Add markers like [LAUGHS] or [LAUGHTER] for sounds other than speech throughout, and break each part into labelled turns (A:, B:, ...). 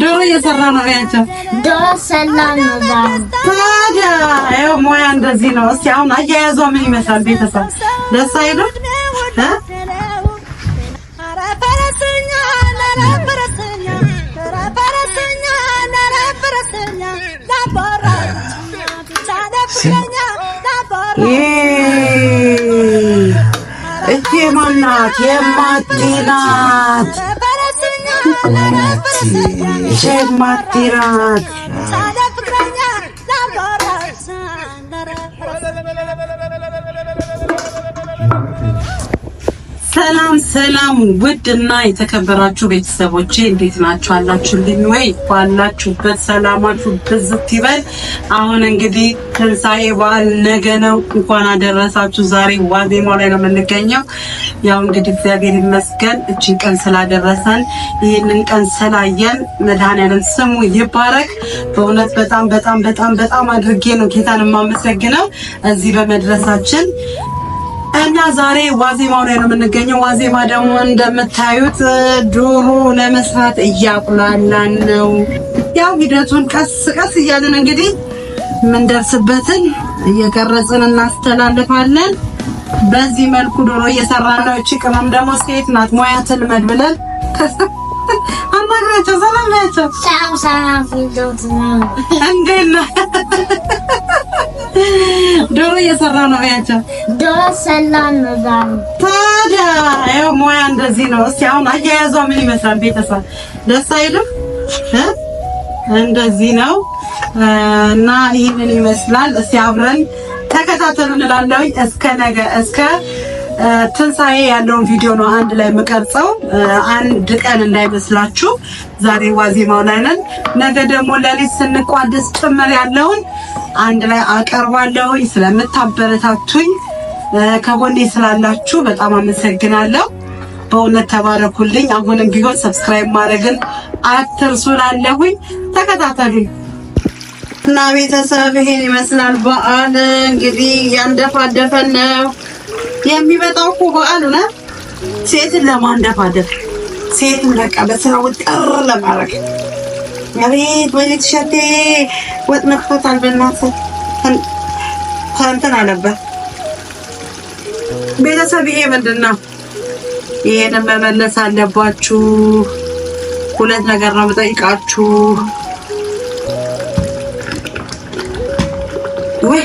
A: ዶሮ እየሰራ ነው ያቸው።
B: ታዲያ
A: ያው ሙያ እንደዚህ ነው። እስኪ አሁን አያያዟ ምን ይመስላል? ቤተሰብ ደስ አይልም? ይሄ ማናት የማቲናት የማቲናት ሰላም ሰላም፣ ውድ እና የተከበራችሁ ቤተሰቦቼ እንዴት ናችሁ? አላችሁልኝ ወይ? ባላችሁበት ሰላማችሁ ብዝት ይበል። አሁን እንግዲህ ትንሳኤ በዓል ነገ ነው። እንኳን አደረሳችሁ። ዛሬ ዋዜማው ላይ ነው የምንገኘው። ያው እንግዲህ እግዚአብሔር ይመስገን እችን ቀን ስላደረሰን፣ ይህንን ቀን ስላየን፣ ያለን ስሙ ይባረክ። በእውነት በጣም በጣም በጣም በጣም አድርጌ ነው ጌታን የማመሰግነው እዚህ በመድረሳችን እኛ ዛሬ ዋዜማው ላይ ነው የምንገኘው። ዋዜማ ደግሞ እንደምታዩት ዶሮ ለመስራት እያቁላላን ነው። ያው ሂደቱን ቀስ ቀስ እያልን እንግዲህ የምንደርስበትን እየቀረጽን እናስተላልፋለን። በዚህ መልኩ ዶሮ እየሰራን ነው። እቺ ቅመም ደግሞ ሴት ናት፣ ሙያ ትልመድ ብለን [LAUGHS] አናግራቸው። ሰላም ናቸው። እንዴት ነው? ዶሮ እየሰራ ነው። ያቸው
B: ዶሮ ሰላም ነው።
A: ታዲያ ያው ሙያ እንደዚህ ነው። እስቲ አሁን አያያዟ ምን ይመስላል? ቤተሰብ ደስ አይልም? እንደዚህ ነው እና ይህንን ይመስላል። እስቲ አብረን ተከታተሉ እንላለሁ። እስከ ነገ እስከ ትንሣኤ ያለውን ቪዲዮ ነው አንድ ላይ የምቀርጸው። አንድ ቀን እንዳይመስላችሁ። ዛሬ ዋዜማው ላይ ነን። ነገ ደግሞ ለሊት ስንቋደስ ጭምር ያለውን አንድ ላይ አቀርባለሁኝ። ስለምታበረታቱኝ ከጎኔ ስላላችሁ በጣም አመሰግናለሁ። በእውነት ተባረኩልኝ። አሁንም ቢሆን ሰብስክራይብ ማድረግን አትርሱ። ላለሁኝ ተከታተሉኝ እና ቤተሰብ ይሄን ይመስላል በዓል እንግዲህ ያንደፋደፈን ነው የሚመጣው እኮ በዓል ነው። ሴትን ለማንደፋደፍ ሴትን በቃ በስራው ጥር ለማድረግ አቤት ወይኔ ትሸቴ ወጥ ነክቶታል። በእናትህ እንትን አለበት ቤተሰብ። ይሄ ምንድን ነው? ይሄንን መመለስ አለባችሁ። ሁለት ነገር ነው የምጠይቃችሁ። ወይ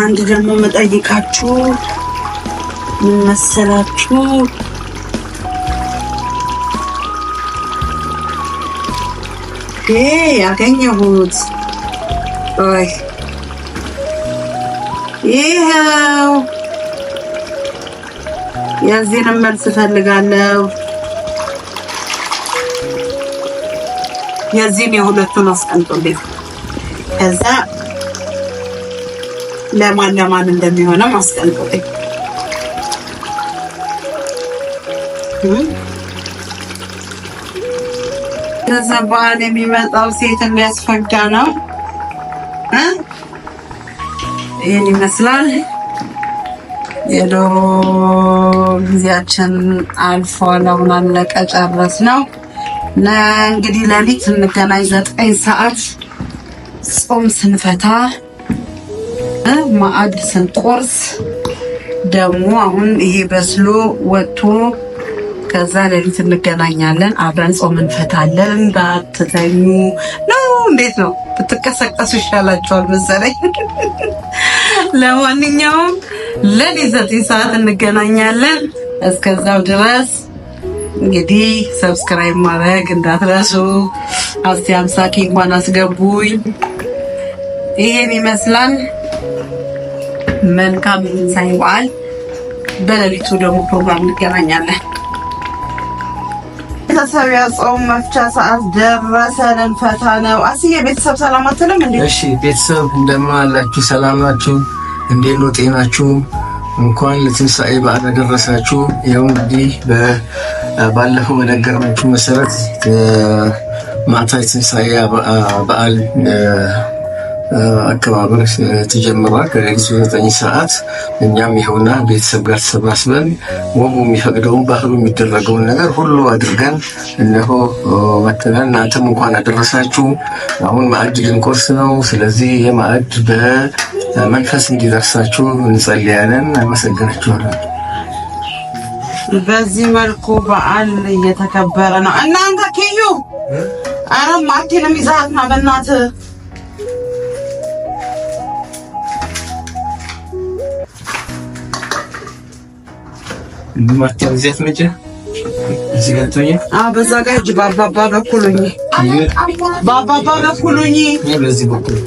A: አንድ ደግሞ መጠይቃችሁ ምን መሰላችሁ? ይሄ ያገኘሁት ወይ ይኸው የዚህን መልስ እፈልጋለሁ። የዚህን የሁለቱን አስቀምጦልኝ ከዛ ለማን ለማን እንደሚሆነ አስጠንቅቁኝ። ከዛ በኋላ የሚመጣው ሴት የሚያስፈጋ ነው። ይህን ይመስላል። የዶሮ ጊዜያችን አልፎ አሁን አለቀ፣ ጨረስ ነው። እንግዲህ ለሊት እንገናኝ ዘጠኝ ሰዓት ጾም ስንፈታ ማዕድ ስንቆርስ ደግሞ አሁን ይሄ በስሎ ወጥቶ ከዛ ሌሊት እንገናኛለን። አብረን ጾም እንፈታለን። እንዳትተኙ ነው። እንዴት ነው ብትቀሰቀሱ ይሻላችኋል መሰለኝ። [LAUGHS] ለማንኛውም ለሊት ዘጠኝ ሰዓት እንገናኛለን። እስከዛው ድረስ እንግዲህ ሰብስክራይብ ማድረግ እንዳትረሱ። አስቲ አምሳኪ እንኳን አስገቡኝ። ይሄን ይመስላል። መልካም የትንሳኤ በዓል። በሌሊቱ ደግሞ ፕሮግራም እንገናኛለን። ቤተሰቢያ ጾም መፍቻ ሰዓት ደረሰ። ልንፈታ ነው። አስዬ ቤተሰብ ሰላም አትልም እንዴ?
C: እሺ ቤተሰብ እንደምን አላችሁ? ሰላም ናችሁ? እንዴት ነው ጤናችሁ? እንኳን ለትንሳኤ በዓል አደረሳችሁ። ይኸው እንግዲህ ባለፈው በነገርናችሁ መሰረት ማታ የትንሳኤ በዓል አከባበር ተጀምሯል። ከሌሊቱ ዘጠኝ ሰዓት እኛም ይኸውና ቤተሰብ ጋር ተሰባስበን ወሙ የሚፈቅደውን ባህሉ የሚደረገውን ነገር ሁሉ አድርገን እነሆ መጥተናል። እናንተም እንኳን አደረሳችሁ። አሁን ማዕድ ልንቆርስ ነው። ስለዚህ የማዕድ በመንፈስ እንዲደርሳችሁ እንጸልያለን። አመሰግናችኋለን።
A: በዚህ መልኩ በዓል እየተከበረ ነው። እናንተ ኪዩ አረም አቴንም ይዛትና በእናትህ
C: ማቻዚያት መቼ እዚህ ጋር ተኛ።
A: አዎ በዛ ጋር እጅ በአባባ በኩል ሁኚ፣ በአባባ በኩል ሁኚ።
C: በዚህ በኩል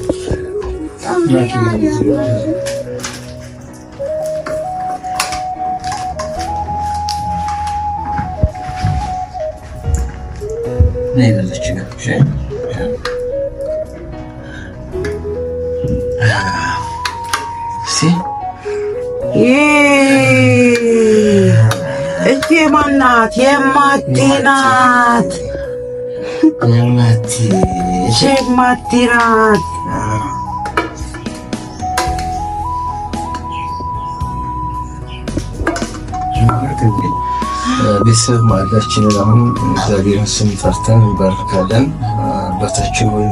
C: ነይ በዛች ጋር
A: የማናት የማቲናት የማቲናት
C: ቤተሰብ ማዕዳችንን አሁን እግዚአብሔርን ስም ጠርተን እንባርካለን። አባታችን ሆይ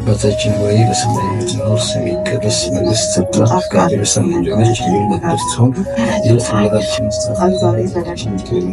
C: አባታችን ወይ በሰማይ የምትኖር ስምህ ይቀደስ፣ መንግስትህ ትምጣ፣ ፈቃድህ በሰማይ እንደሆነች እንዲሁም ትሁን። የዕለት እንጀራችንን ስጠን ዛሬ፣ በደላችንን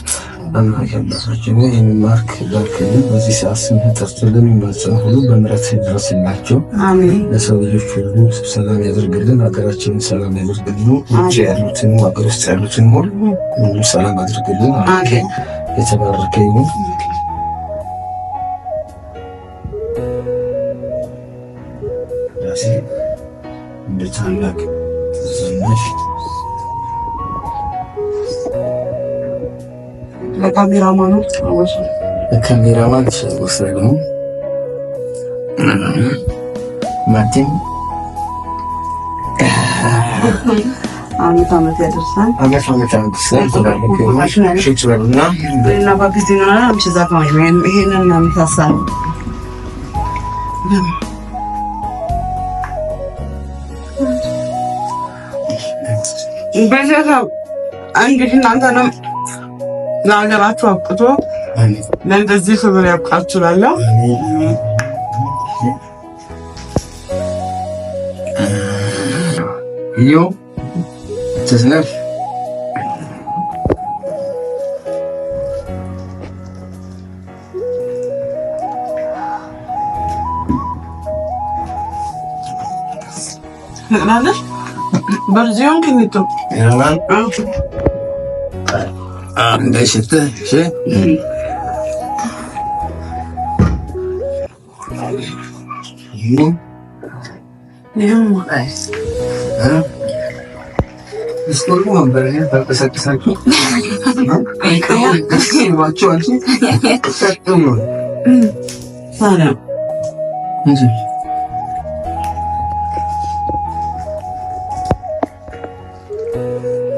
C: በመመጀመራችን ላይ ማርክ በርክልን በዚህ ሰዓት ስምህ ጠርቶልን የሚማጸን ሁሉ በምረት ድረስላቸው። ለሰው ልጆች ሁሉ ሰላም ያደርግልን፣ ሀገራችንን ሰላም ያደርግልን። ውጭ ያሉትን ሀገር ውስጥ ያሉትን ሁሉ ሁሉ ሰላም አድርግልን። የተባረከ ይሁን። እንደ ታላቅ ዝናሽ ካሜራማኑ ካሜራማን ወስደግሞ ማቲም
A: አመት አመት ያደርሳል።
C: አመት አመት ያደርሳል።
A: እና በዚህ እንግዲህ እናንተንም ለሀገራችሁ አብቅቶ ለእንደዚህ ክብር ያብቃችሁ። ላለሁ
C: ይኸው ትስነፍ
A: ትቅናለሽ በርዚዮን ክንቶ
C: Leşit'te şey. Hı. Limon.
A: Limon mu? Ha?
C: Gusto mo ang barangay para sa kisang ko. Kaya? Gusto mo ang chuan siya? Gusto mo.
A: Sana. Ano siya?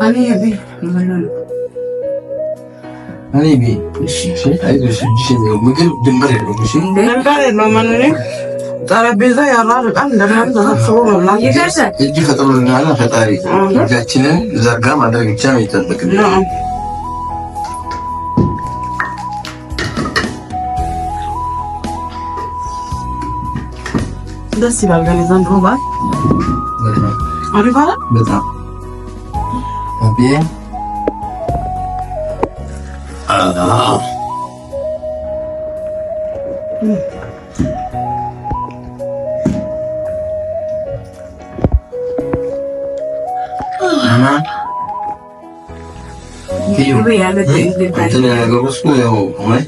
A: Ano yun eh? Ano yun?
C: ምግብ ድንበር የለውም።
A: ድንበር የለውም። ጠረጴዛ ያራርቃል። እንደምንም ተሰብስቦ መብላት
C: እጅ ፈጥሮልናል ፈጣሪ። እጃችንን ዘርጋ ማድረግ ብቻ ነው የሚጠበቅብን።
A: ደስ ይላል ግን የዘንድሮ በዓል አሪፍ አይደል?
C: በጣም Eh? Ah.
A: Naman? Hindi yun. Ang
C: tinagawa ko eh, oh, okay?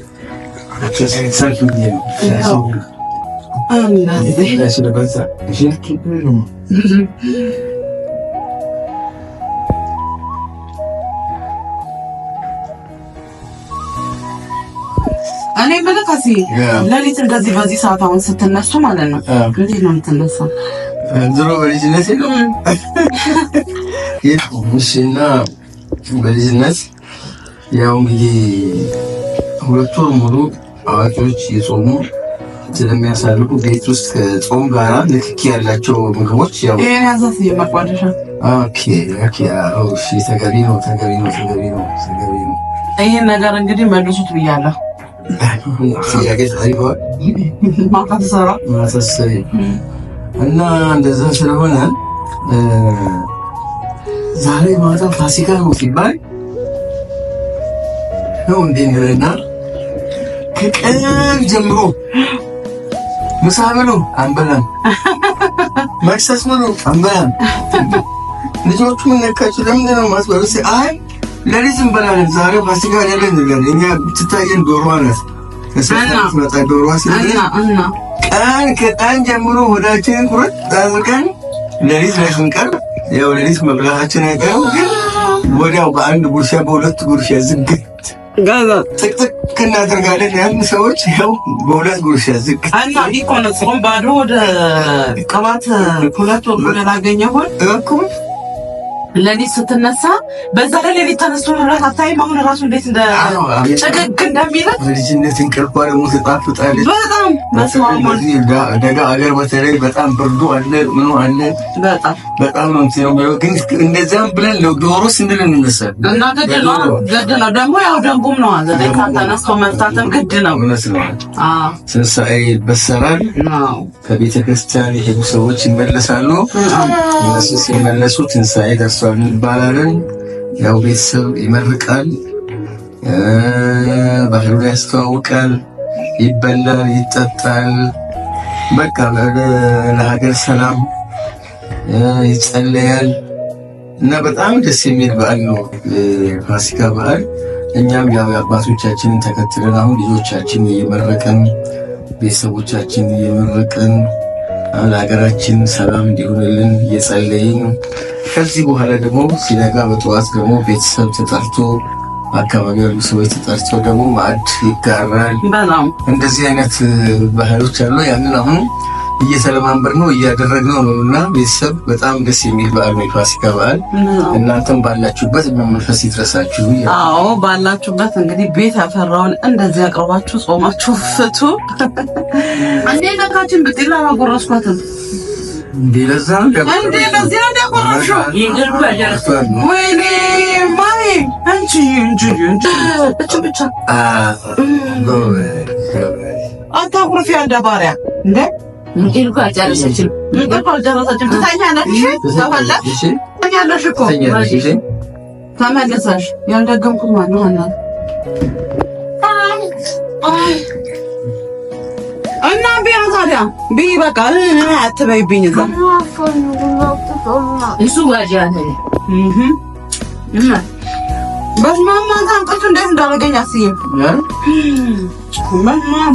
C: Nagsasalita ko din. Ikaw.
A: Ang nanay.
C: Nasa labas. Siya, kipin mo.
A: እኔ የምልህ ከሲ ለሊት እንደዚህ በዚህ ሰዓት አሁን ስትነሱ ማለት ነው እንዴት ነው የምትነሳው?
C: ድሮ በልጅነት ሙሴና በልጅነት ያው እንግዲህ ሁለት ወር ሙሉ አዋቂዎች የጾሙ ስለሚያሳልፉ ቤት ውስጥ ከጾም ጋራ ንክኪ ያላቸው ምግቦች ያው መቋደሻ ተገቢ ነው፣ ተገቢ ነው፣ ተገቢ ነው።
A: ይህን ነገር እንግዲህ መልሱት ብያለሁ።
C: ማሳሰሪ እና እንደዛ ስለሆነ ዛሬ ማታ ፋሲካ ነው ሲባል ነው እንዲልና ከቀን ጀምሮ ምሳ ብሉ አንበላም፣ መክሰስ ብሉ አንበላም። ልጆቹ ምን ነካችሁ? ለምንድን ነው አይ ለሊት እንበላለን። ዛሬ ፋሲካ አይደለም ነገር እኛ ትታየን ዶሮዋ ናት። ከሰፈር መጣ ዶሮዋ ስለዚህ ቀን ከቀን ጀምሮ ሆዳችንን ቁርጥ አድርገን ለሊት ላይ ስንቀርብ ያው ለሊት መብላታችን አይቀርም፣ ግን ወዲያው በአንድ ጉርሻ በሁለት ጉርሻ ዝግት ጋዛ ጥቅጥቅ እናደርጋለን። ያን ሰዎች ያው በሁለት ጉርሻ ዝግት
A: እና ዲኮነ ጾም ባዶ ወደ ቅባት ሁለት ወደ ላገኘሁን እኮ ለሊት ስትነሳ በዛ ላይ ለሊት ተነስቶ መብላት አታይም። አሁን ራሱ እንዴት እንደ ጨገግ እንደሚለት
C: ልጅነት እንቅልፏ ደግሞ ትጣፍጣለች
A: በጣም
C: ደጋ አገር በተለይ በጣም ብርዱ አለ ምኑ አለ በጣም በጣም ነው ግን እንደዚያም ብለን ዶሮ ስንል እንነሳለን።
A: እናንተ ግድ ነው ደግሞ ያው ደንቡም ነው ዘጠኝ ሰዓት ተነስቶ መብታትም ግድ ነው ይመስለዋል።
C: ትንሣኤ ይበሰራል። ከቤተክርስቲያን የሄዱ ሰዎች ይመለሳሉ። እነሱ ሲመለሱ ትንሣኤ ደርሷል። ሀሳብ ይባላለን። ያው ቤተሰብ ይመርቃል፣ ባህሉ ያስተዋውቃል፣ ይበላል፣ ይጠጣል። በቃ ለሀገር ሰላም ይጸለያል እና በጣም ደስ የሚል በዓል ነው ፋሲካ በዓል። እኛም ያው አባቶቻችንን ተከትለን አሁን ልጆቻችን እየመረቅን ቤተሰቦቻችን እየመረቅን ለሀገራችን ሰላም እንዲሆንልን እየጸለይን ከዚህ በኋላ ደግሞ ሲነጋ በጠዋት ደግሞ ቤተሰብ ተጠርቶ አካባቢ ያሉ ሰዎች ተጠርቶ ደግሞ ማዕድ ይጋራል። እንደዚህ አይነት ባህሎች አሉ። ያንን አሁን እየተለማንበር ነው እያደረግ ነው እና ቤተሰብ በጣም ደስ የሚል በዓል ነው የፋሲካ በዓል። እናንተም ባላችሁበት መንፈስ ይድረሳችሁ። አዎ ባላችሁበት እንግዲህ ቤት ያፈራውን እንደዚህ አቅርባችሁ ጾማችሁ ፍቱ። እንዴ ነካችን ብትላ አጎረስኳትም እንዴ እንዴ ለዚህ ነው ደቆረሹ ይገርባል ወይኔ ማይ አንቺ እንጂ እንጂ ብቻ ብቻ አታኩርፊ እንደ ባሪያ እንዴ ይልኳጫለች ይልኳጫለች ትተኛለሽ፣ ተፈለግሽ ትተኛለሽ እኮ ተመልሰሽ ያልደገምኩ ማነው ሆና እና ቢያ ታዲያ ቢይ በቃ አትበይብኝ። እዛ እሱ ጋጃ በስመ አብ ማታ እንቅልፍ እንዴት እንዳደረገኝ አስይም በስመ አብ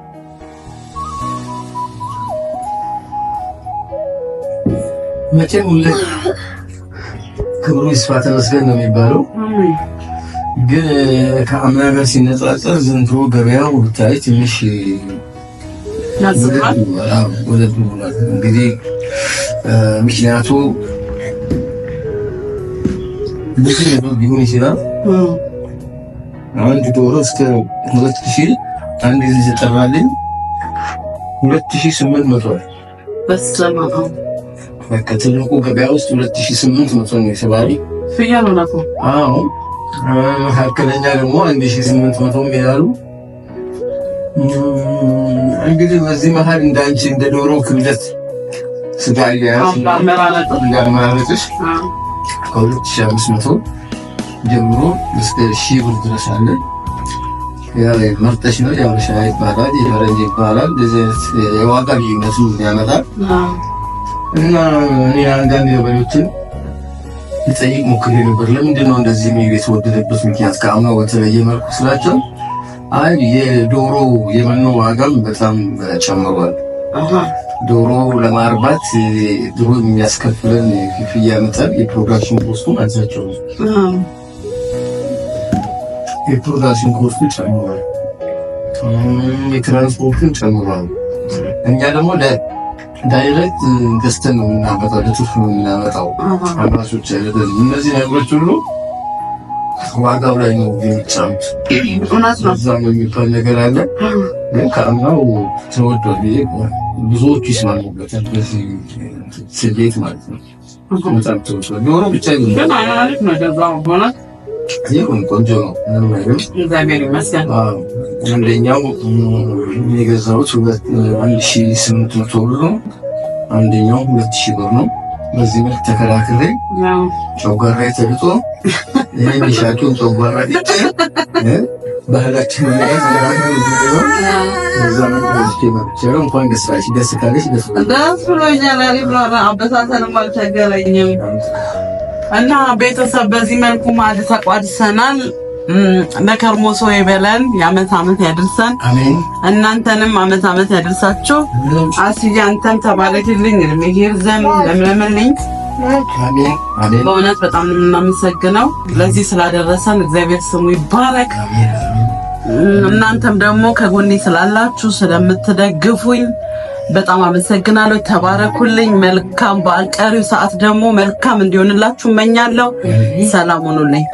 C: መቼም ሁሌ ክብሩ ይስፋ ተመስገን ነው የሚባለው። ግን ከአምና ጋር ሲነጻጸር ዘንድሮ ገበያው ብታይ ትንሽ ወደድ ብሏል። እንግዲህ ምክንያቱ ብዙ ነገር ሊሆን ይችላል። አንድ ዶሮ እስከ ሁለት ሺ አንድ ጊዜ ጠራልኝ ሁለት ሺ ስምንት መቶ ከትልቁ ገበያ ውስጥ ሁለት ሺህ ስምንት መቶ ነው የተባለ ፍያል ሆናት አዎ መካከለኛ ደግሞ አንድ ሺህ ስምንት መቶ ይላሉ። እንግዲህ በዚህ መሀል እንዳንቺ እንደ ዶሮ ክብደት ስጋ እያያዝ ከሁለት ሺህ አምስት መቶ ጀምሮ እስከ ብር ድረስ አለ። መርጠሽ ነው። የአበሻ ይባላል፣ የፈረንጅ ይባላል። የዋጋ ልዩነቱን ያመጣል። እና እኔ አንዳንድ ገበሬዎችን ልጠይቅ ሞክሬ ነበር። ለምንድን ነው እንደዚህ የተወደደበት ምክንያት ከአምናው በተለየ መልኩ ስላቸው፣ አይ የዶሮ የመኖ ዋጋም በጣም ጨምሯል። ዶሮ ለማርባት ድሮ የሚያስከፍለን ክፍያ መጠን የፕሮዳክሽን ኮስቱን አዛቸው የፕሮዳክሽን ኮስቱ ጨምሯል፣ የትራንስፖርቱን ጨምሯል። እኛ ደግሞ ዳይሬክት ገዝተን ነው የምናመጣው፣ ለትርፍ ነው የምናመጣው። አምራቾች አይደለም እነዚህ ነገሮች ሁሉ ዋጋው ላይ ነው የሚጫኑት። እዛ ነው የሚባል ነገር አለ። ግን ከአምናው ተወዷል ብዬ ብዙዎቹ ይስማሙበታል። በዚህ ስሌት ማለት ነው በጣም ተወዷል። ዶሮ ብቻ ይሆናል ቆንጆ ነው። እግዚአብሔር ይመስገን። አንደኛው የገዛሁት አንድ ሺህ ስምንት መቶ ብር ነው። አንደኛው ሁለት ሺህ ብር ነው። በዚህ መልክ ተከራክሬ ጨጓራ ተልጦ የሚሻቱን ጨጓራ ጭ ባህላችን እንኳን ደስ አለሽ። ደስ ካለሽ ደስ ብሎኛል። አበሳሰንም አልቸገረኝም። እና ቤተሰብ በዚህ መልኩ ማዕድ ተቋድሰናል። ለከርሞ ሰው ይበለን፣ የአመት አመት ያድርሰን። እናንተንም አመት አመት ያድርሳችሁ። አስዬ አንተን ተባረክልኝ፣ እድሜህ ይርዘም፣ ለምለምልኝ። በእውነት በጣም የምናመሰግነው ለዚህ ስላደረሰን፣ እግዚአብሔር ስሙ ይባረክ። እናንተም ደግሞ ከጎኔ ስላላችሁ ስለምትደግፉኝ በጣም አመሰግናለሁ። ተባረኩልኝ። መልካም በዓል፣ ቀሪው ሰዓት ደግሞ መልካም እንዲሆንላችሁ እመኛለሁ። ሰላም ሆኑልኝ።